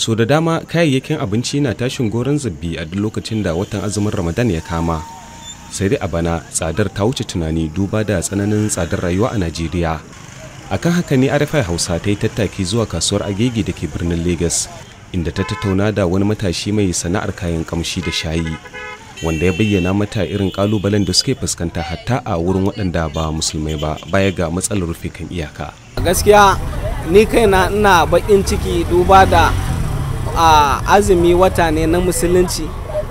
so da dama kayayyakin abinci na tashin goron zabbi a duk lokacin da watan azumin ramadan ya kama sai dai a bana tsadar ta wuce tunani duba da tsananin tsadar rayuwa a najeriya akan haka ne arafai hausa ta yi tattaki zuwa kasuwar agege da ke birnin lagos inda ta tattauna da wani matashi mai sana'ar kayan kamshi da shayi wanda ya bayyana mata irin kalubalen da suke fuskanta hatta a wurin waɗanda ba musulmai ba baya ga matsalar rufe kan iyaka gaskiya ni kaina ina baƙin ciki duba da azumi wata ne na musulunci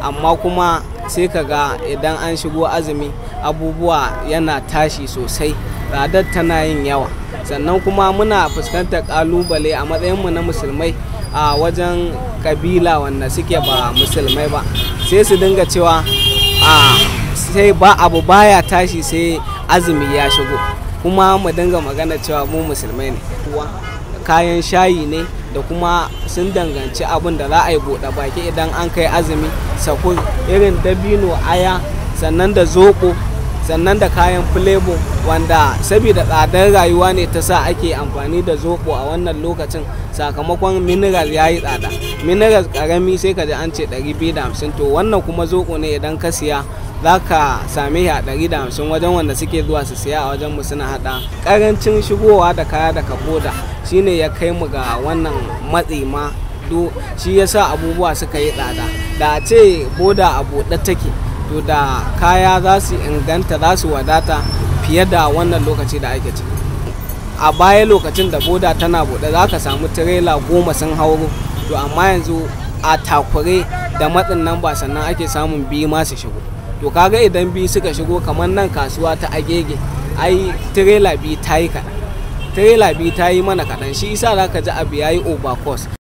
amma kuma sai ka ga idan an shigo azumi abubuwa yana tashi sosai radar tana yin yawa sannan kuma muna fuskantar kalubale a matsayinmu na musulmai a wajen kabila wanda suke ba musulmai ba sai su dinga cewa sai ba abu baya tashi sai azumi ya shigo kuma mu dinga magana cewa mu musulmai ne kayan shayi ne da kuma sun danganci abin da za a yi buɗe baki idan an kai azumi sakur irin dabino aya sannan da zoɓo sannan da kayan filebo wanda saboda tsadar rayuwa ne ta sa ake amfani da zoɓo a wannan lokacin sakamakon mineral ya yi tsada mineral karami sai ka ji an ce 250 to wannan kuma zoɓo ne idan ka siya za ka same shi a ɗari da hamsin wajen wanda suke zuwa su siya a wajen mu suna haɗa ƙarancin shigowa da kaya daga boda shine ya kai mu ga wannan matsi ma shi ya sa abubuwa suka yi tsada da a ce boda a buɗe take to da kaya za su inganta za su wadata fiye da wannan lokaci da ake ciki a baya lokacin da boda tana buɗe za ka samu tirela goma sun hauro to amma yanzu a takure da matsin nan ba sannan ake samun biyu masu shigo to kaga idan biyu suka shigo kamar nan kasuwa ta agege ai tirela biyu ta yi mana kaɗan shi isa za ka ji abu ya yi overcost